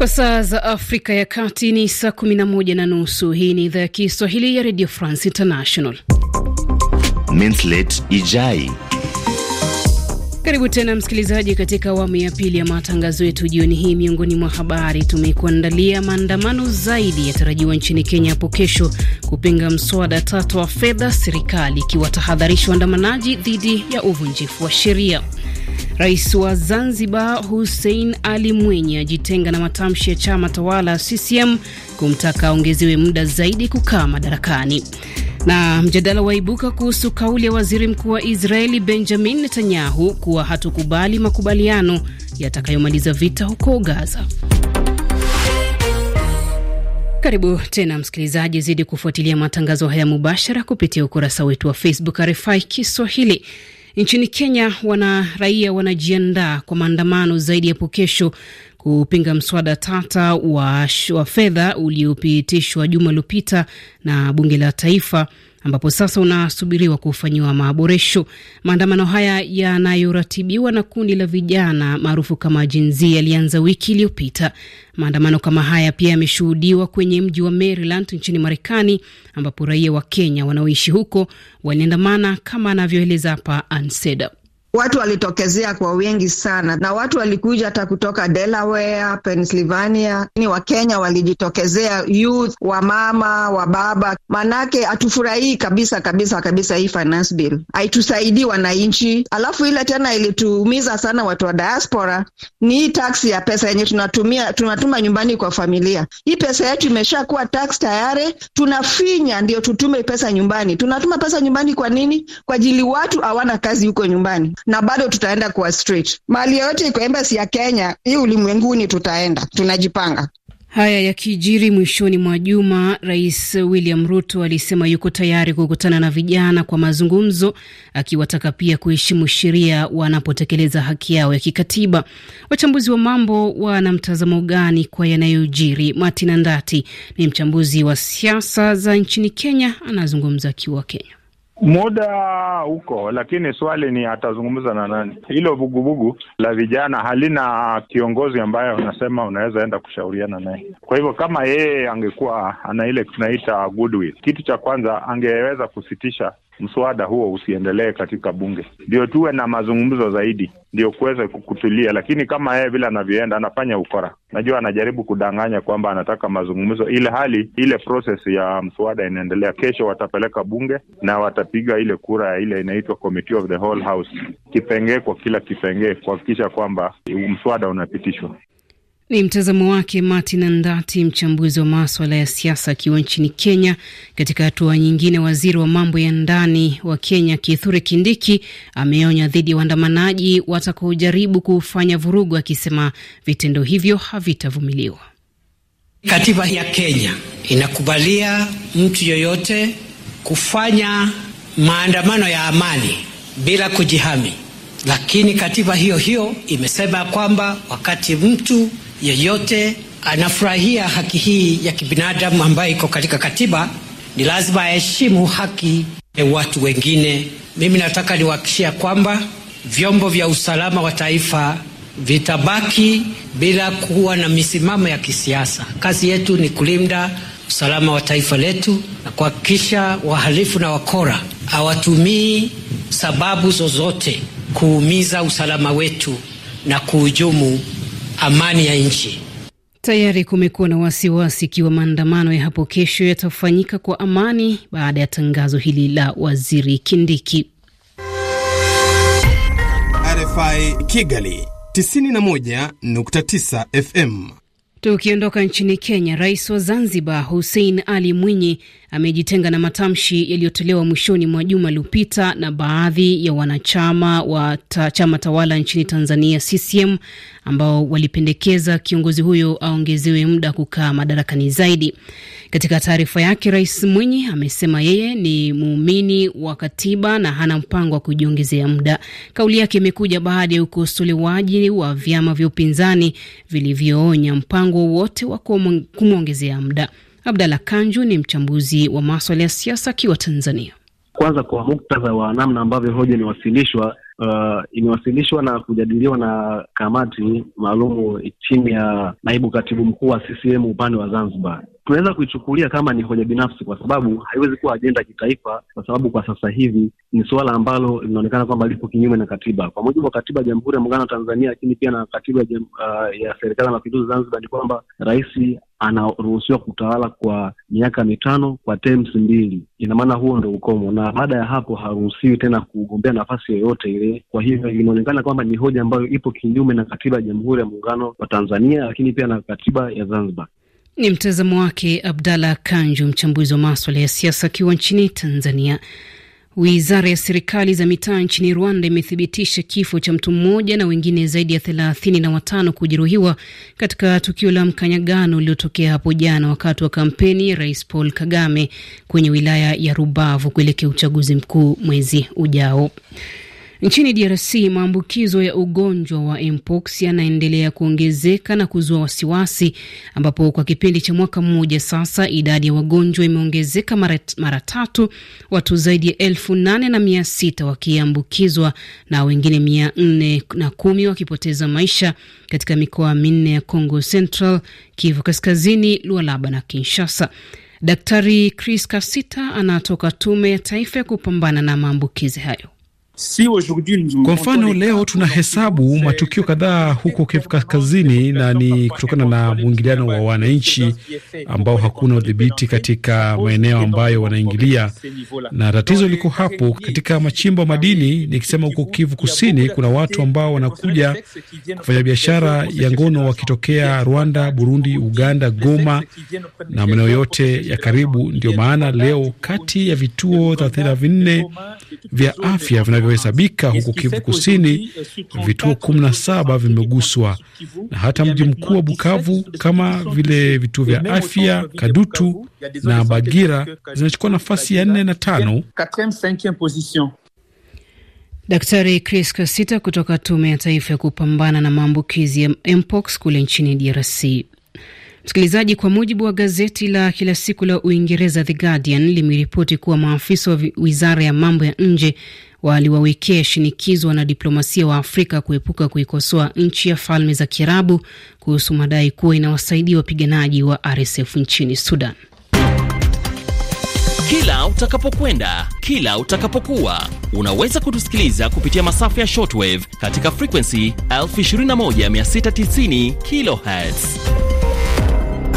Kwa saa za Afrika ya Kati ni saa 11 na nusu. Hii ni idhaa ya Kiswahili ya Radio France International. Ijai. Karibu tena msikilizaji, katika awamu ya pili ya matangazo yetu jioni hii. Miongoni mwa habari tumekuandalia: maandamano zaidi yatarajiwa nchini Kenya hapo kesho kupinga mswada tatu wa fedha, serikali ikiwatahadharisha waandamanaji dhidi ya uvunjifu wa sheria. Rais wa Zanzibar Hussein Ali Mwinyi ajitenga na matamshi ya chama tawala CCM kumtaka aongezewe muda zaidi kukaa madarakani. Na mjadala waibuka kuhusu kauli ya waziri mkuu wa Israeli Benjamin Netanyahu kuwa hatukubali makubaliano yatakayomaliza vita huko Gaza. Karibu tena msikilizaji, zidi kufuatilia matangazo haya mubashara kupitia ukurasa wetu wa Facebook RFI Kiswahili. Nchini Kenya, wana raia wanajiandaa kwa maandamano zaidi hapo kesho kupinga mswada tata wa, wa fedha uliopitishwa juma lililopita na bunge la taifa ambapo sasa unasubiriwa kufanyiwa maboresho. Maandamano haya yanayoratibiwa na kundi la vijana maarufu kama Gen Z yalianza wiki iliyopita. Maandamano kama haya pia yameshuhudiwa kwenye mji wa Maryland nchini Marekani, ambapo raia wa Kenya wanaoishi huko waliandamana kama anavyoeleza hapa Anseda watu walitokezea kwa wingi sana, na watu walikuja hata kutoka Delaware, Pennsylvania. Ni Wakenya walijitokezea, youth, wamama, baba manake hatufurahii kabisa kabisa kabisa hii finance bill, haitusaidii wananchi. Alafu ile tena ilituumiza sana watu wa diaspora ni hii tax ya pesa yenye tunatumia tunatuma nyumbani kwa familia. Hii pesa yetu imesha kuwa tax tayari, tunafinya ndio tutume pesa nyumbani. Tunatuma pesa nyumbani kwa nini? Kwa ajili watu hawana kazi huko nyumbani na bado tutaenda kuwa straight. Mahali yoyote iko embasi ya Kenya hii ulimwenguni, tutaenda tunajipanga. Haya yakijiri mwishoni mwa juma, Rais William Ruto alisema yuko tayari kukutana na vijana kwa mazungumzo, akiwataka pia kuheshimu sheria wanapotekeleza haki yao ya kikatiba. Wachambuzi wa mambo wana mtazamo gani kwa yanayojiri? Martin Andati ni mchambuzi wa siasa za nchini Kenya, anazungumza akiwa Kenya. Muda huko, lakini swali ni atazungumza na nani? Hilo vuguvugu la vijana halina kiongozi ambaye unasema unaweza enda kushauriana naye. Kwa hivyo kama yeye angekuwa ana ile tunaita goodwill, kitu cha kwanza angeweza kusitisha mswada huo usiendelee katika bunge, ndio tuwe na mazungumzo zaidi, ndio kuweze kutulia. Lakini kama yeye vile anavyoenda, anafanya ukora, najua anajaribu kudanganya kwamba anataka mazungumzo, ile hali ile proses ya mswada inaendelea. Kesho watapeleka bunge na watapiga ile kura ya ile inaitwa committee of the whole house, kipengee kwa kila kipengee, kuhakikisha kwamba mswada unapitishwa. Ni mtazamo wake Martin Andati, mchambuzi wa maswala ya siasa, akiwa nchini Kenya. Katika hatua nyingine, waziri wa mambo ya ndani wa Kenya Kithure Kindiki ameonya dhidi ya waandamanaji watakaojaribu kufanya vurugu, akisema vitendo hivyo havitavumiliwa. Katiba ya Kenya inakubalia mtu yoyote kufanya maandamano ya amani bila kujihami, lakini katiba hiyo hiyo imesema kwamba wakati mtu yeyote anafurahia haki hii ya kibinadamu ambayo iko katika katiba, ni lazima aheshimu haki ya watu wengine. Mimi nataka niwahakikishia kwamba vyombo vya usalama wa taifa vitabaki bila kuwa na misimamo ya kisiasa. Kazi yetu ni kulinda usalama wa taifa letu na kuhakikisha wahalifu na wakora hawatumii sababu zozote kuumiza usalama wetu na kuhujumu amani ya nchi. Tayari kumekuwa na wasiwasi ikiwa maandamano ya hapo kesho yatafanyika kwa amani baada ya tangazo hili la waziri Kindiki. RFI Kigali 91.9 FM. Tukiondoka nchini Kenya, rais wa Zanzibar Hussein Ali Mwinyi amejitenga na matamshi yaliyotolewa mwishoni mwa juma liopita na baadhi ya wanachama wa ta, chama tawala nchini Tanzania CCM ambao walipendekeza kiongozi huyo aongezewe muda kukaa madarakani zaidi. Katika taarifa yake, Rais Mwinyi amesema yeye ni muumini wa katiba na hana mpango wa kujiongezea muda. Kauli yake imekuja baada ya ukosolewaji wa vyama vya upinzani vilivyoonya mpango wote wa kumwongezea muda. Abdalla Kanju ni mchambuzi wa maswala ya siasa akiwa Tanzania. Kwanza kwa muktadha wa namna ambavyo hoja imewasilishwa, uh, imewasilishwa na kujadiliwa na kamati maalumu chini ya naibu katibu mkuu wa CCM upande wa Zanzibar, tunaweza kuichukulia kama ni hoja binafsi, kwa sababu haiwezi kuwa ajenda ya kitaifa, kwa sababu kwa sasa hivi ni suala ambalo linaonekana kwamba lipo kinyume na katiba. Kwa mujibu wa katiba ya Jamhuri ya Muungano wa Tanzania, lakini pia na katiba ya, uh, ya Serikali ya Mapinduzi Zanzibar, ni kwamba rais anaruhusiwa kutawala kwa miaka mitano kwa terms mbili. Ina maana huo ndo ukomo, na baada ya hapo haruhusiwi tena kugombea nafasi yoyote ile. Kwa hivyo imeonekana kwamba ni hoja ambayo ipo kinyume na katiba ya Jamhuri ya Muungano wa Tanzania, lakini pia na katiba ya Zanzibar. Ni mtazamo wake Abdalla Kanju, mchambuzi wa maswala ya siasa akiwa nchini Tanzania. Wizara ya serikali za mitaa nchini Rwanda imethibitisha kifo cha mtu mmoja na wengine zaidi ya thelathini na watano kujeruhiwa katika tukio la mkanyagano uliotokea hapo jana wakati wa kampeni ya Rais Paul Kagame kwenye wilaya ya Rubavu kuelekea uchaguzi mkuu mwezi ujao. Nchini DRC maambukizo ya ugonjwa wa mpox yanaendelea kuongezeka na kuzua wasiwasi, ambapo kwa kipindi cha mwaka mmoja sasa idadi ya wagonjwa imeongezeka mara, mara tatu, watu zaidi ya elfu nane na mia sita wakiambukizwa na wengine mia nne na kumi wakipoteza maisha katika mikoa minne ya Congo Central, Kivu Kaskazini, Lualaba na Kinshasa. Daktari Chris Kasita anatoka Tume ya Taifa ya Kupambana na Maambukizi hayo. Kwa mfano leo tunahesabu matukio kadhaa huko Kivu Kaskazini, na ni kutokana na mwingiliano wa wananchi ambao hakuna udhibiti katika maeneo ambayo wanaingilia, na tatizo liko hapo katika machimbo madini. Nikisema huko Kivu Kusini, kuna watu ambao wanakuja kufanya biashara ya ngono wakitokea Rwanda, Burundi, Uganda, Goma na maeneo yote ya karibu. Ndio maana leo kati ya vituo 34 vya afya vinavyo vinavyohesabika huku Kivu Kusini, eh, vituo 17 vimeguswa na hata mji yaani mkuu wa Bukavu kama vile vituo vya afya Kadutu na Bagira zinachukua nafasi ya nne na tano. Daktari Chris Kasita kutoka Tume ya Taifa ya Kupambana na Maambukizi ya Mpox kule nchini DRC. Msikilizaji, kwa mujibu wa gazeti la kila siku la Uingereza The Guardian limeripoti kuwa maafisa wa wizara ya mambo ya nje waliwawekea shinikizo wanadiplomasia wa Afrika kuepuka kuikosoa nchi ya Falme za Kiarabu kuhusu madai kuwa inawasaidia wapiganaji wa RSF nchini Sudan. Kila utakapokwenda, kila utakapokuwa, unaweza kutusikiliza kupitia masafa ya shortwave katika frequency 21690 kilohertz.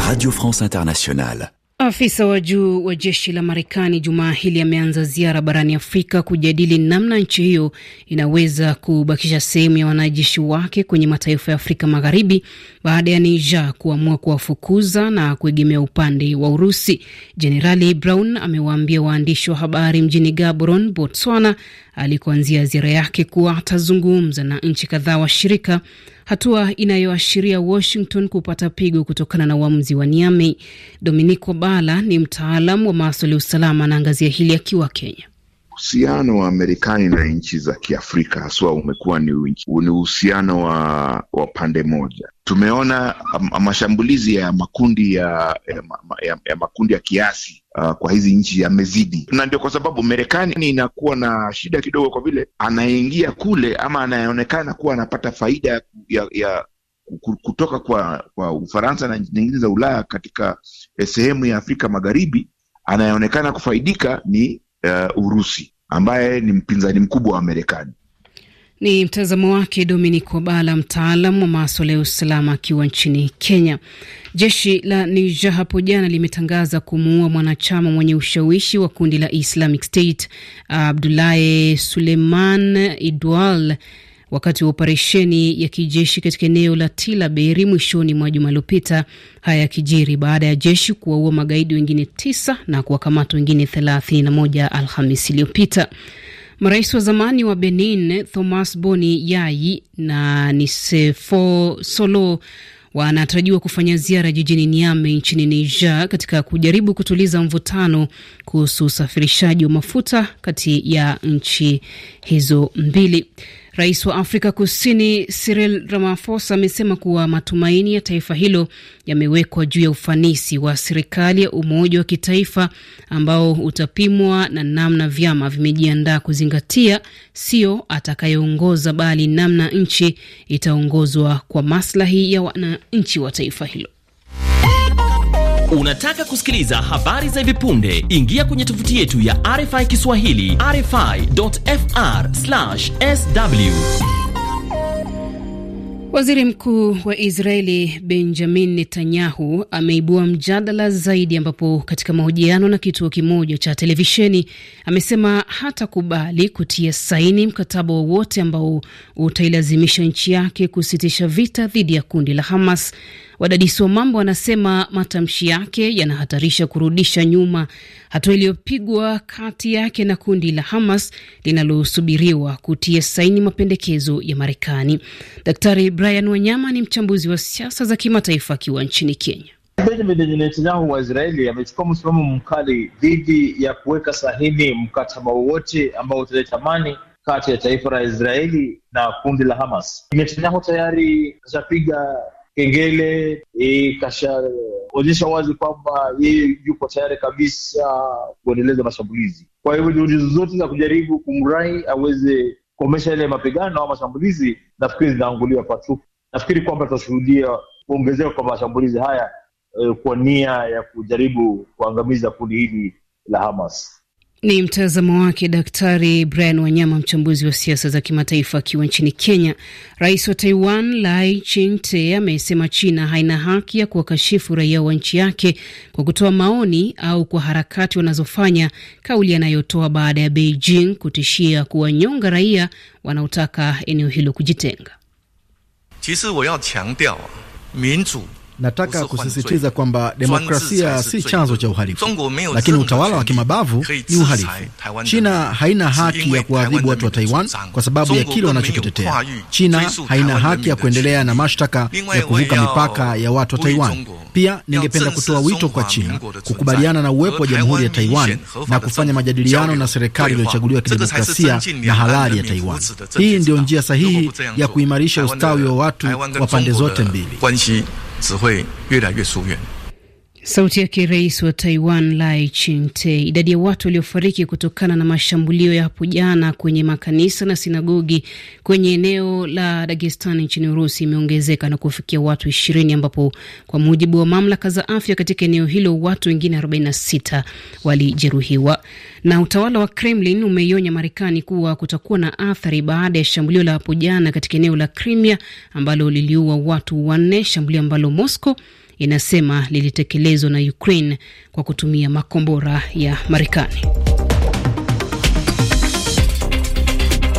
Radio France Internationale. Afisa wa juu wa jeshi la Marekani jumaa hili ameanza ziara barani Afrika kujadili namna nchi hiyo inaweza kubakisha sehemu ya wanajeshi wake kwenye mataifa ya Afrika Magharibi baada ya Niger kuamua kuwafukuza na kuegemea upande wa Urusi. Jenerali Brown amewaambia waandishi wa habari mjini Gaborone, Botswana, alikuanzia ziara yake kuwa atazungumza na nchi kadhaa washirika hatua inayoashiria Washington kupata pigo kutokana na uamuzi wa Niamey. dominico bala ni mtaalam wa maswala ya usalama, anaangazia hili akiwa Kenya. Uhusiano wa Marekani na nchi za Kiafrika haswa umekuwa ni uhusiano wa, wa pande moja. Tumeona um, mashambulizi ya makundi ya, ya, ya, ya makundi ya kiasi Uh, kwa hizi nchi yamezidi, na ndio kwa sababu Marekani inakuwa na shida kidogo, kwa vile anaingia kule ama anaonekana kuwa anapata faida ya, ya kutoka kwa, kwa Ufaransa na nchi nyingine za Ulaya katika eh, sehemu ya Afrika Magharibi, anayeonekana kufaidika ni uh, Urusi ambaye ni mpinzani mkubwa wa Marekani. Ni mtazamo wake Dominic Wabala, mtaalam wa maswala ya usalama akiwa nchini Kenya. Jeshi la Niger hapo jana limetangaza kumuua mwanachama mwenye ushawishi wa kundi la Islamic State Abdulahi Suleiman Idwal wakati wa operesheni ya kijeshi katika eneo la Tilaberi mwishoni mwa juma liopita Haya yakijiri baada ya jeshi kuwaua magaidi wengine tisa na kuwakamata wengine 31 Alhamisi iliyopita. Marais wa zamani wa Benin Thomas Boni Yayi na Nisefo Solo wanatarajiwa kufanya ziara jijini niame nchini Niger katika kujaribu kutuliza mvutano kuhusu usafirishaji wa mafuta kati ya nchi hizo mbili. Rais wa Afrika Kusini Cyril Ramaphosa amesema kuwa matumaini ya taifa hilo yamewekwa juu ya ufanisi wa serikali ya umoja wa kitaifa ambao utapimwa na namna vyama vimejiandaa kuzingatia, sio atakayeongoza, bali namna nchi itaongozwa kwa maslahi ya wananchi wa taifa hilo. Unataka kusikiliza habari za hivi punde? Ingia kwenye tovuti yetu ya RFI Kiswahili, rfi.fr/sw. Waziri Mkuu wa Israeli Benjamin Netanyahu ameibua mjadala zaidi, ambapo katika mahojiano na kituo kimoja cha televisheni amesema hatakubali kutia saini mkataba wowote ambao utailazimisha nchi yake kusitisha vita dhidi ya kundi la Hamas. Wadadisi wa mambo wanasema matamshi yake yanahatarisha kurudisha nyuma hatua iliyopigwa kati yake na kundi la Hamas linalosubiriwa kutia saini mapendekezo ya Marekani. Daktari Brian Wanyama ni mchambuzi wa siasa za kimataifa akiwa nchini Kenya. Benjamin Netanyahu wa Israeli amechukua msimamo mkali dhidi ya kuweka sahihi mkataba wowote ambao utaleta amani kati ya taifa la Israeli na kundi la Hamas. Netanyahu tayari ashapiga kengele ikashaonyesha eh, wazi kwamba yeye yuko tayari kabisa kuendeleza mashambulizi. Kwa hivyo juhudi zozote za kujaribu kumrai aweze kuomesha yale mapigano au mashambulizi, nafikiri zinaanguliwa patupu. Nafikiri kwamba tutashuhudia kuongezeka kwa mashambulizi haya eh, kwa nia ya kujaribu kuangamiza kundi hili la Hamas. Ni mtazamo wake Daktari Brian Wanyama, mchambuzi wa siasa za kimataifa akiwa nchini Kenya. Rais wa Taiwan Lai Ching-te amesema China haina haki ya kuwakashifu raia wa nchi yake kwa kutoa maoni au kwa harakati wanazofanya, kauli anayotoa baada ya Beijing kutishia kuwanyonga raia wanaotaka eneo hilo kujitenga. 其实我要强调民主 Nataka kusisitiza kwamba demokrasia si chanzo cha uhalifu, lakini utawala wa kimabavu ni uhalifu. China haina haki ya kuwaadhibu watu wa Taiwan kwa sababu ya kile wanachokitetea. China haina haki ya kuendelea na mashtaka ya kuvuka mipaka ya watu wa Taiwan. Pia ningependa kutoa wito kwa China kukubaliana na uwepo wa jamhuri ya Taiwan na kufanya majadiliano na serikali iliyochaguliwa kidemokrasia na halali ya Taiwan. Hii ndiyo njia sahihi ya kuimarisha ustawi wa watu wa pande zote mbili. 只会越来越疏远。Sauti yake rais wa Taiwan Lai Ching-te. Idadi ya watu waliofariki kutokana na mashambulio ya hapo jana kwenye makanisa na sinagogi kwenye eneo la Dagestan nchini Urusi imeongezeka na kufikia watu ishirini, ambapo kwa mujibu wa mamlaka za afya katika eneo hilo watu wengine 46 walijeruhiwa. Na utawala wa Kremlin umeionya Marekani kuwa kutakuwa na athari baada ya shambulio la hapo jana katika eneo la Crimea ambalo liliua watu wanne, shambulio ambalo Moscow inasema lilitekelezwa na Ukraine kwa kutumia makombora ya Marekani.